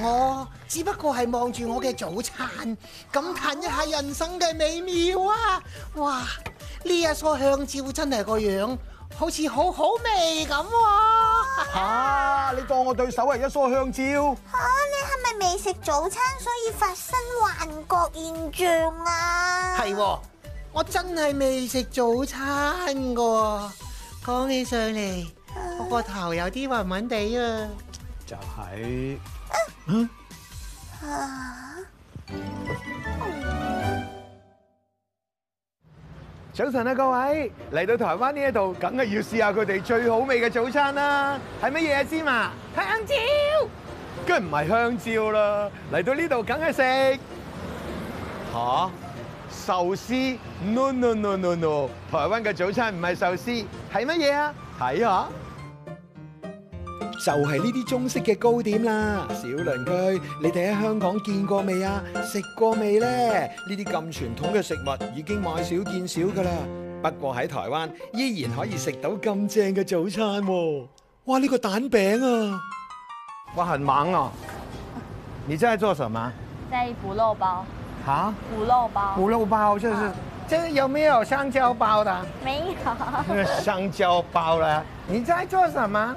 我只不過係望住我嘅早餐，感嘆一下人生嘅美妙啊！哇，呢一梳香蕉真係個樣，好似好好味咁喎！啊，你當我對手係一梳香蕉？啊，你係咪未食早餐，所以發生幻覺現象是啊？係，我真係未食早餐㗎。講起上嚟，我個頭有啲暈暈地啊！就係、是。嗯？啊？早晨啊，各位！嚟到台灣呢一度，梗係要試下佢哋最好味嘅早餐啦。係乜嘢芝麻？香蕉。梗係唔係香蕉啦，嚟到呢度梗係食吓壽司... no, no, no, no, no. 台灣嘅早餐唔係壽司，係乜嘢啊？睇吓！就係呢啲中式嘅糕點啦，小鄰居，你哋喺香港見過未啊？食過未咧？呢啲咁傳統嘅食物已經買少見少㗎啦。不過喺台灣依然可以食到咁正嘅早餐喎。哇！呢、這個蛋餅啊，哇很猛啊、哦！你在做什麼？在鼓肉包。吓？鼓肉包。鼓肉包真，就是，就、嗯、是有沒有香蕉包的？沒有。 香蕉包啦，你在做什麼？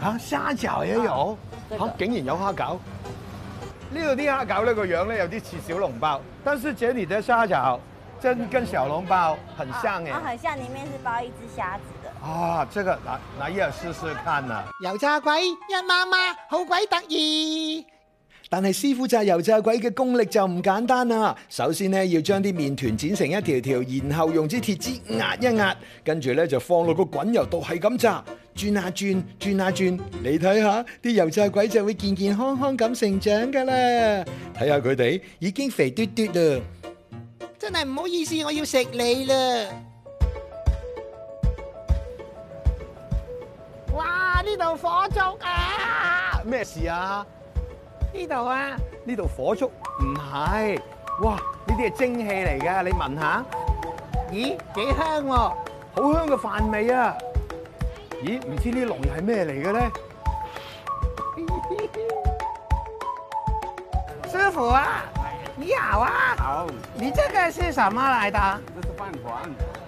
嚇、啊，蝦餃也有，嚇、啊就是啊，竟然有蝦餃。呢度啲蝦餃呢個樣咧有啲似小籠包，但是這裡啲蝦餃，真跟小籠包很像嘅、啊。啊，很像，裡面是包一隻蝦子的啊。啊，子的啊，這個嚟嚟試試看啦。油炸鬼，一媽媽，好鬼得意。但係師傅炸油炸鬼嘅功力就唔簡單啦。首先呢，要將啲麵糰剪成一條條，然後用支鐵枝壓一壓，跟住呢，就放落個滾油度，係咁炸，轉下轉，轉，轉下轉，轉，轉，你睇下啲油炸鬼就會健健康康咁成長噶啦。睇下佢哋已經肥嘟嘟啦，真係唔好意思，我要食你啦！哇！呢度火燭啊！咩事啊？呢度啊，呢度火燭唔係，哇！呢啲係蒸氣嚟㗎，你聞下。咦，幾香喎，好香嘅飯味啊！咦，唔知呢籠係咩嚟嘅咧？ 師傅啊，你好啊，好，你這個是什麼來的？這是飯糰。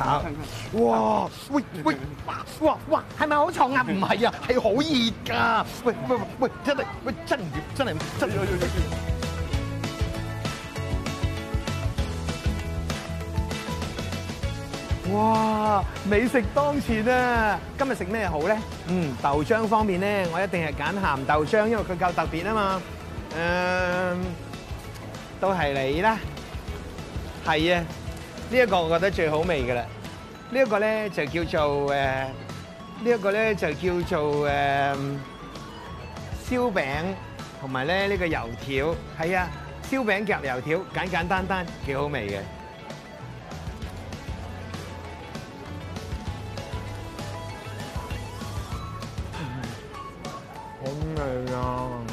哇！喂喂哇哇，係咪好重啊？唔係啊，係好熱噶！喂喂喂，真係喂真熱，真係真熱熱哇！美食當前啊，今日食咩好咧？嗯，豆漿方面咧，我一定係揀鹹豆漿，因為佢夠特別啊嘛。嗯，都係你啦。係啊。呢一個我覺得最好味嘅啦，呢一個咧就叫做誒，呢一個咧就叫做誒燒餅，同埋咧呢個油條，係啊，燒餅夾油條，簡簡單單，幾好味嘅。好味啊！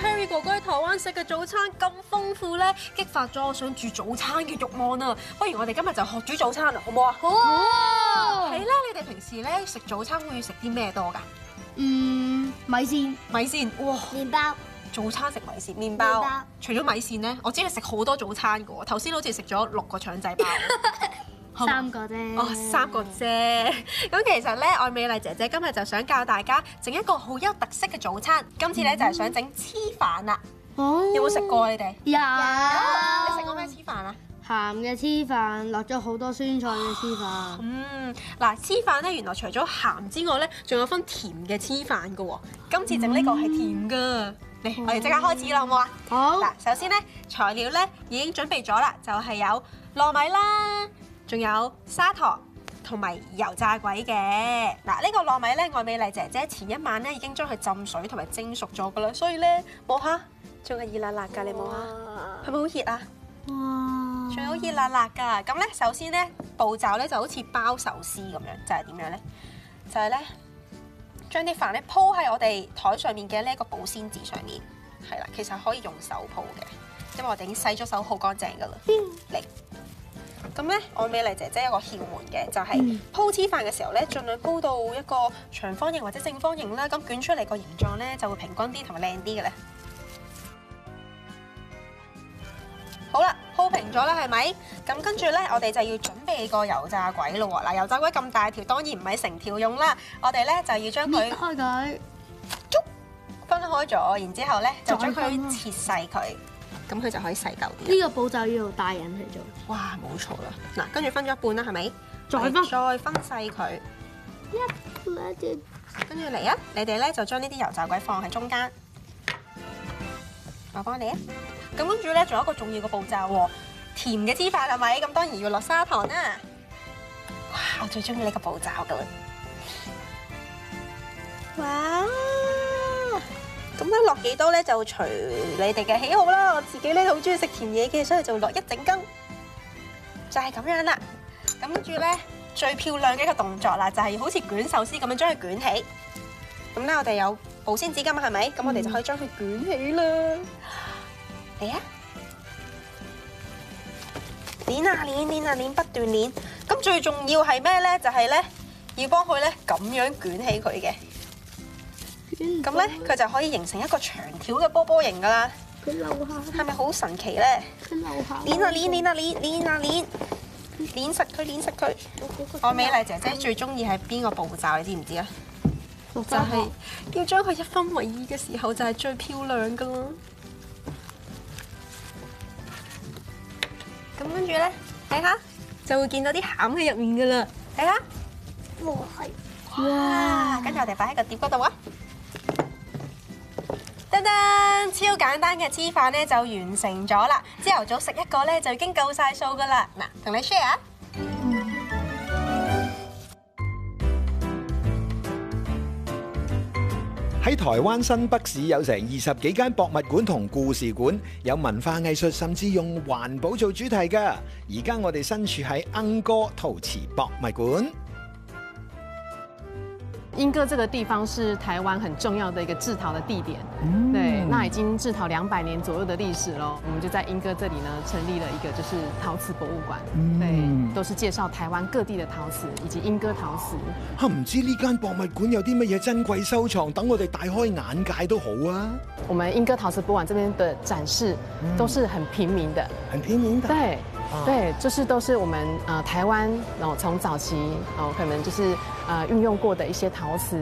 Harry 哥哥喺台灣食嘅早餐咁豐富咧，激發咗我想煮早餐嘅慾望啊！不如我哋今日就學煮早餐啦，好唔好啊？好啊！係啦，你哋平時咧食早餐會食啲咩多㗎？嗯，米線、米線，哇，麵包。早餐食米線、麵包。除咗米線咧，我知你食好多早餐㗎喎。頭先好似食咗六個腸仔包。三個啫，哦，三個啫。咁其實咧，愛美麗姐姐今日就想教大家整一個好有特色嘅早餐。嗯、今次咧就係想整粢飯啦。哦，有冇食過你哋？有。你食過咩粢飯啊？鹹嘅粢飯，落咗好多酸菜嘅粢飯。哦。嗯，嗱，粢飯咧原來除咗鹹之外咧，仲有分甜嘅粢飯㗎。今次整呢個係甜㗎。嚟、嗯，我哋即刻開始啦，好冇啊？好。嗱，首先咧，材料咧已經準備咗啦，就係、是、有糯米啦。仲有砂糖同埋油炸鬼嘅。嗱，呢個糯米咧，愛美麗姐姐前一晚咧已經將佢浸水同埋蒸熟咗噶啦，所以咧，望下仲係熱辣辣㗎，你望下係咪好熱啊？哇！仲有熱辣辣㗎，咁咧首先咧步驟咧就好似包壽司咁樣，就係點樣咧？就係咧將啲飯咧鋪喺我哋台上面嘅呢一個保鮮紙上面，係啦，其實可以用手鋪嘅，因為我哋已經洗咗手好乾淨㗎啦，嚟。咁咧，愛美麗姐姐有個竅門嘅，就係鋪黐飯嘅時候咧，盡量鋪到一個長方形或者正方形啦，咁捲出嚟個形狀咧就會平均啲同埋靚啲嘅啦。好啦，鋪平咗啦，係咪？咁跟住咧，我哋就要準備個油炸鬼咯喎。嗱，油炸鬼咁大條，當然唔係成條用啦，我哋咧就要將佢開佢，捉分開咗，然之後咧就將佢切細佢。咁佢就可以細嚿啲。呢個步驟要大人去做。哇，冇錯啦。嗱，跟住分咗一半啦，係咪？再分，再分細佢。跟住嚟啊！你哋咧就將呢啲油炸鬼放喺中間。我幫你啊。咁跟住咧，仲有一個重要嘅步驟喎。甜嘅粢飯係咪？咁當然要落砂糖啦。哇！我最中意呢個步驟㗎啦。哇！咁樣落幾多咧就隨你哋嘅喜好啦。我自己咧好中意食甜嘢嘅，所以就落一整羹。就係咁樣啦。咁跟住咧，最漂亮嘅一個動作啦，就係好似捲壽司咁樣將佢捲起。咁咧我哋有保鮮紙巾啊？係咪？咁、嗯、我哋就可以將佢捲起啦。嚟啊！練啊練，練啊練，不斷練。咁最重要係咩咧？就係、是、咧要幫佢咧咁樣捲起佢嘅。咁咧，佢就可以形成一個長條嘅波波形噶啦。佢下。係咪好神奇咧？佢漏下。捻啊捻捻啊捻捻啊捻捻實佢，捻實佢。我美麗姐姐最中意係邊個步驟，你知唔知啊？就係、是、要將佢一分為二嘅時候，就係最漂亮噶囉。咁跟住咧，睇下就會見到啲餡喺入面噶啦。睇下。哇！跟住我哋擺喺個碟嗰度啊！超簡單嘅粢飯就完成咗啦。朝頭早食一個呢，就已經夠晒數噶啦。嗱，同你 share 喺台灣新北市有成二十幾間博物館同故事館，有文化藝術，甚至用環保做主題噶。而家我哋身處喺鶯歌陶瓷博物館。鶯歌，這個地方是台灣很重要的一個製陶的地點，對，那已經製陶兩百年左右的歷史嘍。我們就在鶯歌這裏呢，成立了一個就是陶瓷博物館，對，都是介紹台灣各地的陶瓷以及鶯歌陶瓷，啊。哈，唔知呢間博物館有啲乜嘢珍貴收藏，等我哋大開眼界都好啊。我們鶯歌陶瓷博物館這邊的展示都是很平民的，嗯，很平民的，對，對，就是都是我們呃台灣，然後從早期，哦可能就是。啊，運用過的一些陶瓷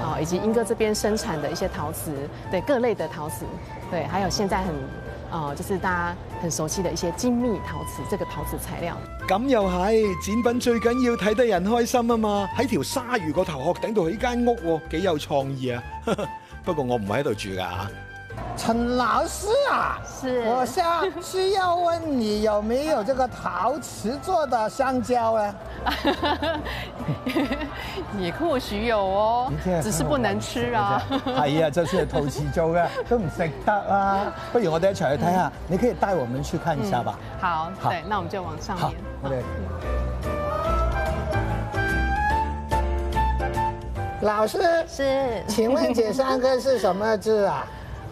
啊，oh. 以及鶯歌這邊生產的一些陶瓷，對，各類的陶瓷，對，還有現在很，啊，就是大家很熟悉的一些精密陶瓷，這個陶瓷材料。咁又係，展品最緊要睇得人開心啊嘛！喺條鯊魚個頭殼頂度起間屋，幾有創意啊！ 不過我唔係喺度住㗎陳老師啊，是，我先需要問你有沒有這個陶瓷做的香蕉呢？ 你或許有哦，只是不能吃啊。哎呀、 啊，這是係陶瓷做嘅，都唔食得啦。 不如我哋一齊去睇下、嗯，你可以帶我們去看一下吧、嗯好。好，對，那我們就往上面好，對。老師，是，請問這三個是什麼字啊？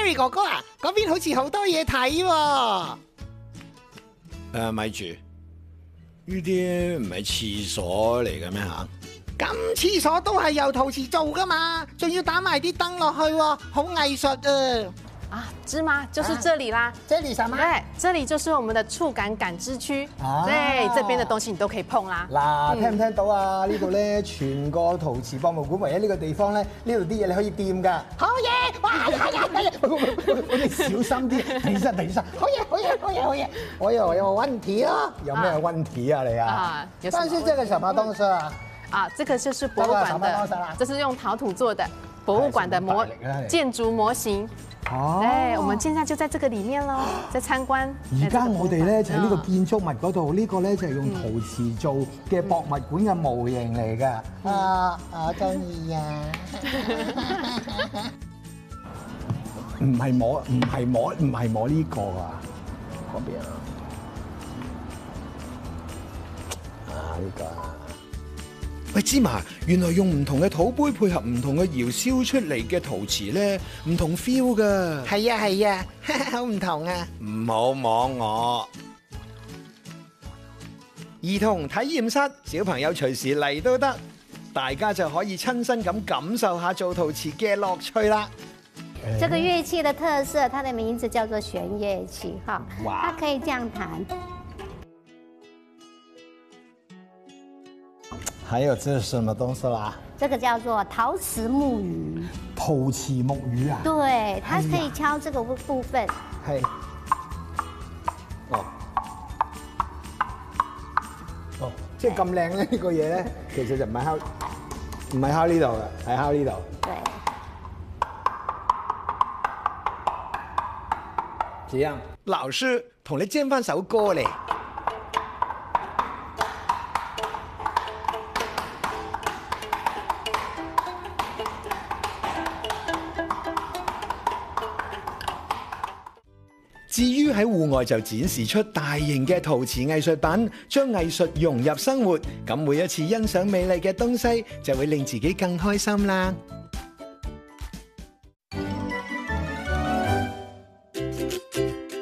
h a r y 哥哥啊，嗰邊好似好多嘢睇喎。誒、呃，咪住，呢啲唔係廁所嚟嘅咩吓？咁廁所都係由陶瓷做噶嘛，仲要打埋啲燈落去、啊，好藝術啊！啊，芝麻就是這裏啦！這裏什麼？哎，這裏就是我們的觸感感知區。啊，對，這邊的東西你都可以碰啦。嗱，聽唔、嗯、聽到啊？這呢度呢，全個陶瓷博物館唯一呢個地方呢，呢度啲嘢你可以掂㗎、啊嗯。好嘢、啊！哇呀呀！我哋小心啲， 等一下，等一下！ 好嘢、好嘢，好嘢，好嘢、uh, 哎，好嘢！我有有問題啊？有沒有問題啊？你啊？啊，但是這個什麼東西啊？啊，這個就是博物館的，這是用陶土做的、嗯、博物館的模建築模型。哦，誒，我們現在就在這個裡面咯，在參觀在。而家我哋咧就喺、是、呢個建築物嗰度，oh. 這個呢個咧就係、是、用陶瓷做嘅博物館嘅模型嚟嘅、oh, like 啊。啊，我中意啊！唔係摸，唔係摸，唔係摸呢個啊，嗰邊啊，啊呢個。喂芝麻，原來用唔同嘅土杯配合唔同嘅窑燒出嚟嘅陶瓷咧，唔同 feel 噶。係啊係啊，好唔同啊！唔好摸我。兒童體驗室，小朋友隨時嚟都得，大家就可以親身咁感受下做陶瓷嘅樂趣啦。這個樂器的特色，它的名字叫做弦樂器，哈，它可以這樣彈。還有這是什麼東西啦？這個叫做陶瓷木魚。陶瓷木魚啊？對，它可以敲、啊、這個部分。嘿哦。哦。即、哦、係咁靚呢個嘢，哎這個、呢，其實唔係敲，唔係敲呢度嘅，係敲呢度。對。這樣？老師同你爭翻首歌來至於喺戶外就展示出大型嘅陶瓷藝術品，將藝術融入生活。咁每一次欣賞美麗嘅東西，就會令自己更開心啦！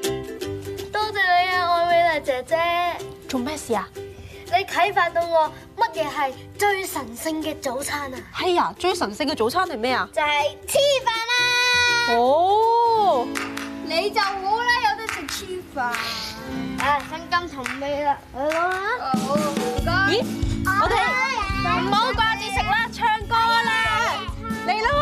多謝你啊，愛美麗姐姐。做咩事啊？你啟發到我，乜嘢係最神聖嘅早餐啊？係啊，最神聖嘅早餐係咩啊？就係粢飯啦！哦，你就。啊！生甘同味啦，嚟啦！好唔該。咦？我哋唔好掛住食啦，唱歌啦，嚟啦！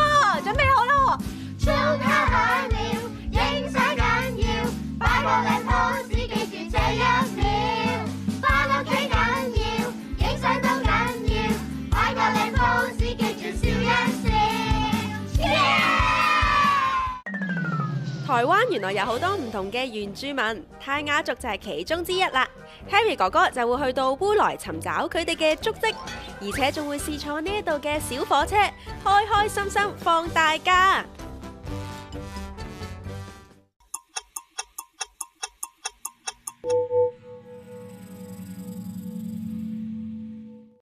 台灣原來有好多唔同嘅原住民，泰雅族就係其中之一啦。Harry 哥哥就會去到烏來尋找佢哋嘅足跡，而且仲會試坐呢度嘅小火車，開開心心放大假。